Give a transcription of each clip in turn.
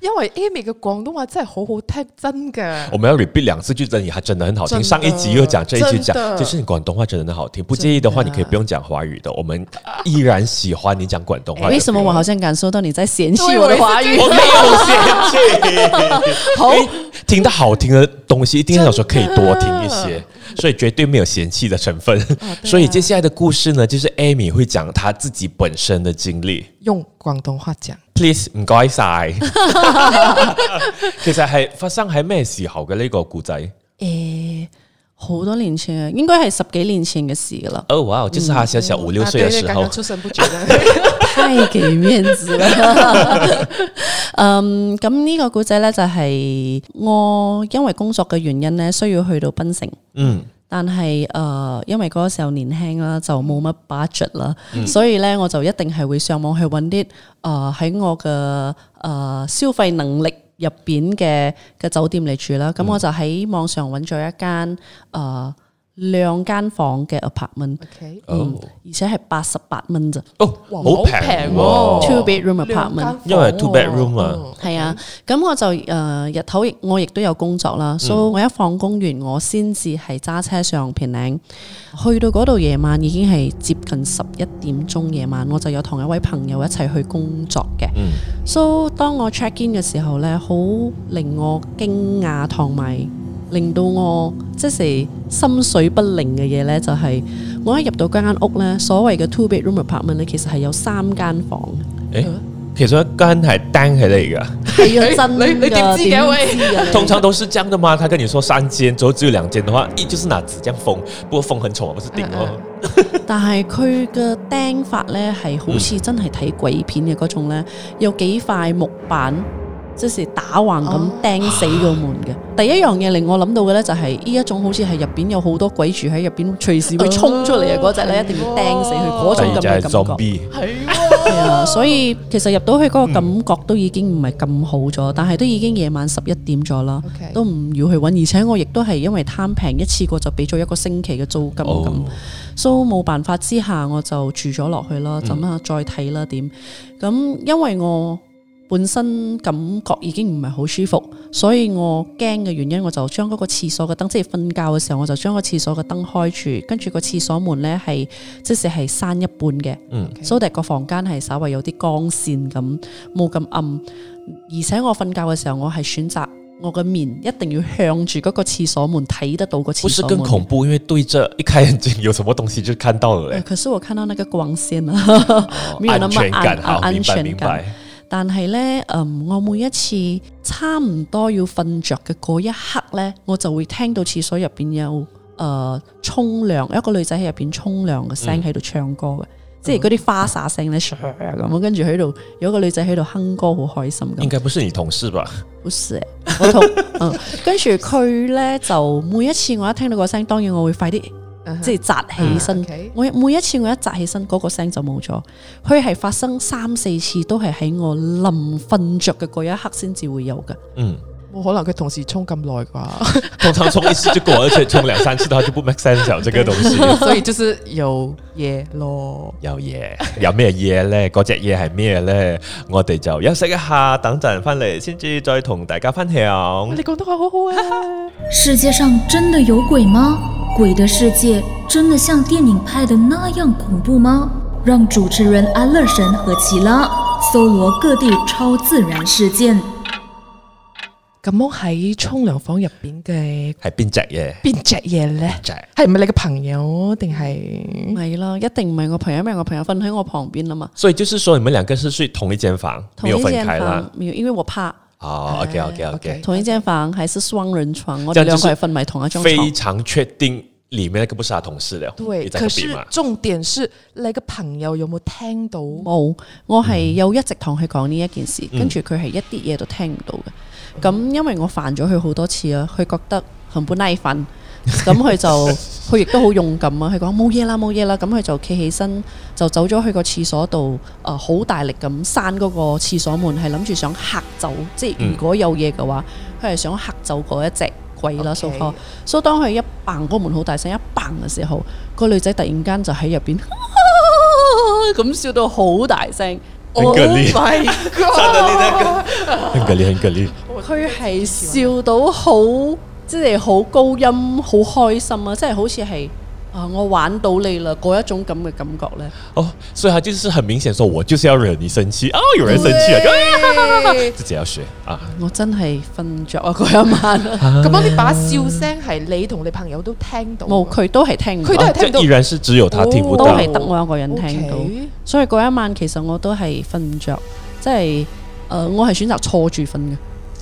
因為 Amy 嘅廣東話真係好好聽，真的。我們要 repeat 兩次，就真，你還真的很好聽。的上一集又講，這一集講，就是你廣東話真的很好聽。不介意的話，你可以不用講華語的，我們依然喜歡你講廣東話、欸。為什麼我好像感受到你在嫌棄我的華語？欸、我，我，華語我沒有嫌棄。好 欸，聽到好聽的東西一定要說可以多聽一些，所以絕對沒有嫌棄的成分。哦啊、所以接下來的故事呢，就是 Amy 會講他自己本身的經歷，用廣東話講。唔該晒，Please, 其實係發生喺咩時候嘅呢個故仔？誒、呃，好多年前啊，應該係十幾年前嘅事啦。哦、oh, wow，哇、嗯 哎，就是阿小小五六歲嘅時候，出生不久啦，太給面子啦。嗯，咁呢個故仔咧就係我因為工作嘅原因咧，需要去到檳城。嗯。但係，誒、呃，因為嗰個時候年輕啦，就冇乜 budget 啦，嗯、所以咧，我就一定係會上網去搵啲，誒、呃，喺我嘅誒、呃、消費能力入邊嘅嘅酒店嚟住啦。咁、嗯、我就喺網上搵咗一間，誒、呃。兩間房嘅 apartment，嗯，而且係八十八蚊咋，哦，好平喎，two bedroom apartment，因為 two bedroom 啊，係啊，咁我就誒日頭我亦都有工作啦，so 我一放工完我先至係揸車上檳城，去到嗰度夜晚已經係接近十一點鐘夜晚，我就有同一位朋友一齊去工作嘅，so 當我 check in 嘅時候呢，好令我驚訝同埋，令到我即係心水不寧嘅嘢咧，就係、是、我一入到間屋咧，所謂嘅 two bedroom apartment 咧，其實係有三間房。誒、欸，啊、其中一間係釘起嚟噶，係、欸、啊，真嘅。你點知嘅喂？通常都是咁嘅嘛，佢他跟你說三間，結果只有兩間嘅話，嗯、一就是拿紙咁封？不過封很醜，不是頂咯。但係佢嘅釘法咧，係好似真係睇鬼片嘅嗰種咧，嗯、有幾塊木板。即是打橫咁釘死個門嘅。啊、第一樣嘢令我諗到嘅咧、就是，就係呢一種好似係入邊有好多鬼住喺入邊，隨時會衝出嚟嘅嗰隻咧，一定要釘死佢嗰種咁嘅感覺。所係啊。所以其實入到去嗰個感覺都已經唔係咁好咗，但係都已經夜晚十一點咗啦，Okay. 都唔要去揾。而且我亦都係因為貪平，一次過就俾咗一個星期嘅租金咁，oh. 所以冇辦法之下我就住咗落去啦。咁啊、嗯，再睇啦點咁，因為我。本身感覺已經唔係好舒服，所以我驚嘅原因，我就將嗰個廁所嘅燈，即係瞓覺嘅時候，我就將個廁所嘅燈開住，跟住個廁所門咧係，即使係閂一半嘅，嗯、所以個房間係稍微有啲光線咁，冇咁暗。而且我瞓覺嘅時候，我係選擇我個面一定要向住嗰個廁所門，睇得到個廁所。會唔會更恐怖？因為對着一開眼睛， 有什麼東西就看到了咧。可是我看到那個光線啊，沒有那麼安全感，安全感。但係咧，嗯，我每一次差唔多要瞓着嘅嗰一刻咧，我就會聽到廁所入邊有誒沖涼，一個女仔喺入邊沖涼嘅聲喺度唱歌嘅，即係嗰啲花灑聲咧，咁跟住喺度，有一個女仔喺度哼歌，好開心。應該不是你同事吧？不是，我同， 嗯，跟住佢咧就每一次我一聽到個聲，當然我會快啲。即係扎起身，uh huh. 我每一次我一扎起身，嗰個聲就冇咗。佢係發生三四次，都係喺我臨瞓着嘅嗰一刻先至會有嘅。嗯、uh。Huh. 我、哦、可能佢同時沖咁耐吧？通常沖一次就過， 而且沖兩三次嘅話就不 make sense 咗。對 這個東西， 所以就是有嘢咯，有嘢東，有咩嘢咧？嗰隻嘢係咩咧？我哋就休息一下，等陣返嚟先至再同大家分享。啊、你講嘅話好好啊！哈哈，世界上真的有鬼嗎？鬼的世界真的像電影拍得那樣恐怖嗎？讓主持人阿樂神和奇拉搜羅各地超自然事件。咁樣喺沖涼房入邊嘅係邊隻嘢？邊隻嘢咧？只係唔係你嘅朋友定係？咪咯，一定唔係我朋友，因為我朋友瞓喺我旁邊啦嘛。所以就是說，你們兩個是睡同一間房，同一間房，冇分開啦，因為，我怕。哦，OK，OK，OK，同一間房還是雙人床，我哋兩個係瞓埋同一張床。非常確定。裏面嗰個不是阿同事了，對，可是重點是你個朋友有冇聽到冇？我係有一直同佢講呢一件事，嗯、跟住佢係一啲嘢都聽唔到嘅。咁、嗯嗯、因為我煩咗佢好多次啊，佢覺得好不耐煩，咁佢 就佢亦都好勇敢啊！佢講冇嘢啦，冇嘢啦，咁佢就企起身就走咗去個廁所度，誒、呃，好大力咁閂嗰個廁所門，係諗住想吓走，即係、嗯、如果有嘢嘅話，佢係想吓走嗰一隻。鬼啦！蘇哥、okay. so oh,，所以當佢一 bang 個門好大聲一 bang 嘅時候，個女仔突然間就喺入邊咁笑到好大聲。Oh my god！佢係笑到好，即係好高音，好開心啊！即係好似係。啊、呃！我玩到你啦，嗰一種咁嘅感覺咧。哦，所以佢就是很明顯，說我就是要惹你生氣啊、哦！有人生氣啦對、啊，自己要學啊！我真係瞓唔着啊嗰一晚咁啊，呢把笑聲係你同你朋友都聽到，冇佢、啊、都係聽，佢都係聽到，聽到啊、依然是只有他聽唔到，哦、都係得我一個人聽到。Okay? 所以嗰一晚其實我都係瞓唔着，即係誒，我係選擇錯住瞓嘅。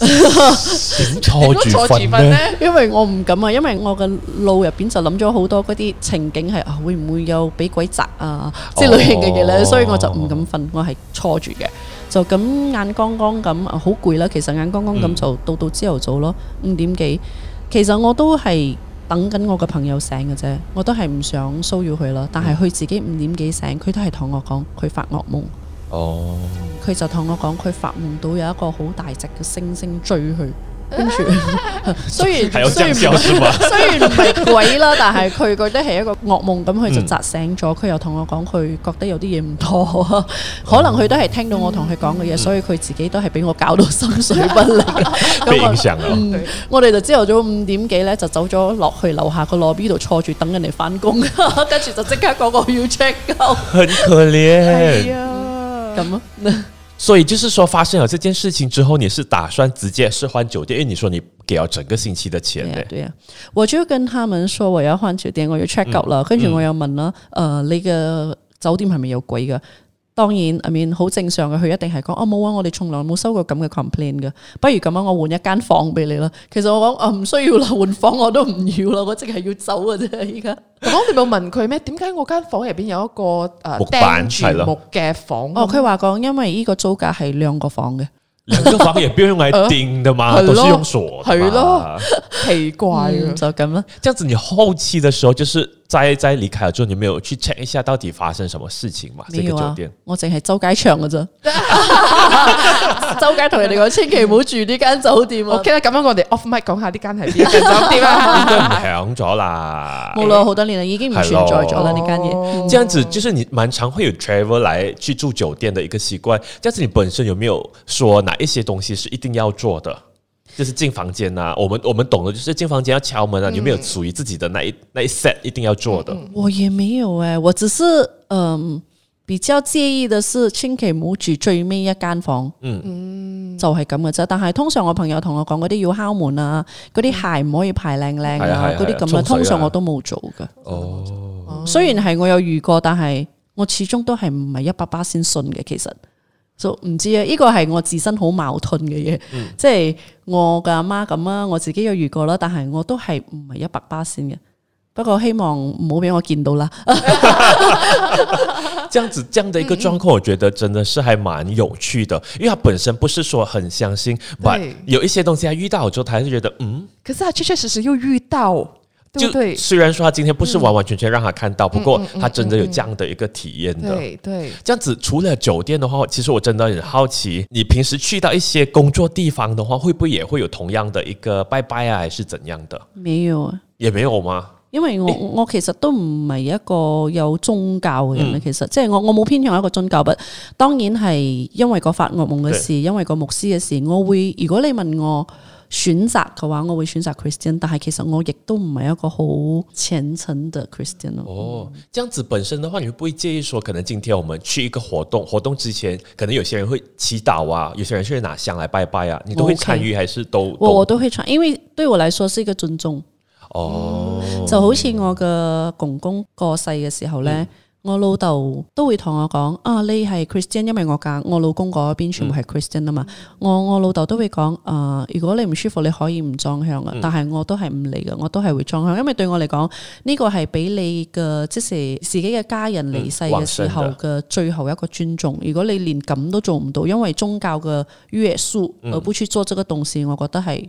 點 坐住瞓咧？因為我唔敢啊，因為我嘅腦入邊就諗咗好多嗰啲情景係啊，會唔會有俾鬼砸啊？即係類型嘅嘢咧，所以我就唔敢瞓，我係坐住嘅。就咁眼光光咁，好攰啦。其實眼光光咁就到到朝頭早咯，嗯、五點幾。其實我都係等緊我嘅朋友醒嘅啫，我都係唔想騷擾佢啦。但係佢自己五點幾醒，佢都係同我講佢發惡夢。哦，佢就同我講，佢發夢到有一個好大隻嘅猩猩追佢，跟住雖然雖然雖然唔係鬼啦，但係佢覺得係一個噩夢，咁佢就扎醒咗。佢又同我講，佢覺得有啲嘢唔妥，可能佢都係聽到我同佢講嘅嘢，所以佢自己都係俾我搞到心水不寧。正常咯，我哋就朝頭早五點幾咧，就走咗落去樓下個攞 B 度坐住等人哋翻工，跟住就即刻講我要 check。很可咁？啊幹， 所以就是說，發生了這件事情之後，你是打算直接是換酒店，因為你說你給了整個星期的錢，欸、對呀、啊啊，我就跟他們說我要換酒店，我要 check out 啦，嗯、跟住我又問啦，嗯、呃，你個酒店係咪有鬼嘅？當然，面好 I mean, 正常嘅，佢一定係講啊冇啊，我哋從來冇收過咁嘅 complain 嘅。不如咁啊，我換一間房俾你啦。其實我講我唔需要啦，換房我都唔要啦，我即係要走嘅啫。依家 我講你冇問佢咩？點解我間房入邊有一個誒釘住木嘅板房？哦，佢話講因為依個租價係兩個房嘅。兩 個房也不用，用來釘的嘛，呃、都是用鎖。係咯，嗯、奇怪。就咁啦，這樣子你後期的時候，就是再再離開咗之後，你沒有去 check 一下到底發生什麼事情嘛？啊、這個酒店我淨係周街唱嘅啫。 啊、周街同人哋講，千祈唔好住呢間酒店。O K 啦，咁樣我哋 off mic 講下呢間係邊間酒店啊？應該唔響咗啦，冇咗、欸、好多年啦，已經唔存在咗啦呢間嘢。Hello 這樣子就是你蠻常會有 travel 來去住酒店的一個習慣。這樣子你本身有沒有說哪一些東西是一定要做的？就是進房間啊，我們我們懂的，就是進房間要敲門啊。嗯、有沒有屬於自己的那一那一 set 一定要做的？嗯、我也沒有誒、欸，我只是嗯。比較介意的是，千祈唔好住最尾一間房，嗯、就係咁嘅啫。但係通常我朋友同我講嗰啲要敲門啊，嗰啲鞋唔可以排靚靚啊，嗰啲咁樣啦，嗯、通常我都冇做㗎。哦，雖然係我有遇過，但係我始終都係唔係一百巴仙信嘅。其實就唔知啊，呢個係我自身好矛盾嘅嘢，即係、嗯、我嘅阿媽咁啊，我自己有遇過啦，但係我都係唔係一百巴仙嘅。不過希望唔好俾我見到啦。 這樣子，這樣的一個狀況，我覺得真的是還蠻有趣的，因為他本身不是說很相信，對但有一些東西，他遇到之後，他還是覺得嗯。可是他確確實實又遇到，對不對？雖然說他今天不是完完全全讓他看到，嗯、不過他真的有這樣的一個體驗的。對、嗯，嗯嗯嗯嗯、這樣子，除了酒店的話，其實我真的很好奇，你平時去到一些工作地方的話，會不會也會有同樣的一個拜拜啊，還是怎樣的？沒有啊，也沒有嗎？因為我、欸、我其實都唔係一個有宗教嘅人咧，嗯、其實即係我我冇偏向一個宗教。但當然係因為個發惡夢嘅事，對 因為個牧師嘅事，我會，如果你問我選擇嘅話，我會選擇 Christian。但係其實我亦都唔係一個好虔誠嘅 Christian。哦，這樣子本身的話，你會唔會介意說，可能今天我們去一個活動，活動之前可能有些人會祈禱啊，有些人去拿香來拜拜啊，你都會參與還是都我 Okay. 我都會參與，因為對我來說是一個尊重。哦，就好似我嘅公公過世嘅時候咧，嗯、我老豆都會同我講：啊，你係 Christian，因為我嫁我老公嗰邊全部係 Christian 啊嘛，嗯。我我老豆都會講：啊、呃，如果你唔舒服，你可以唔裝香嘅，但係我都係唔理嘅，我都係會裝香，因為對我嚟講，呢、這個係俾你嘅，即是自己嘅家人離世嘅時候嘅最後一個尊重。嗯、如果你連咁都做唔到，因為宗教嘅約束，而、嗯、不去做這個東西，我覺得係。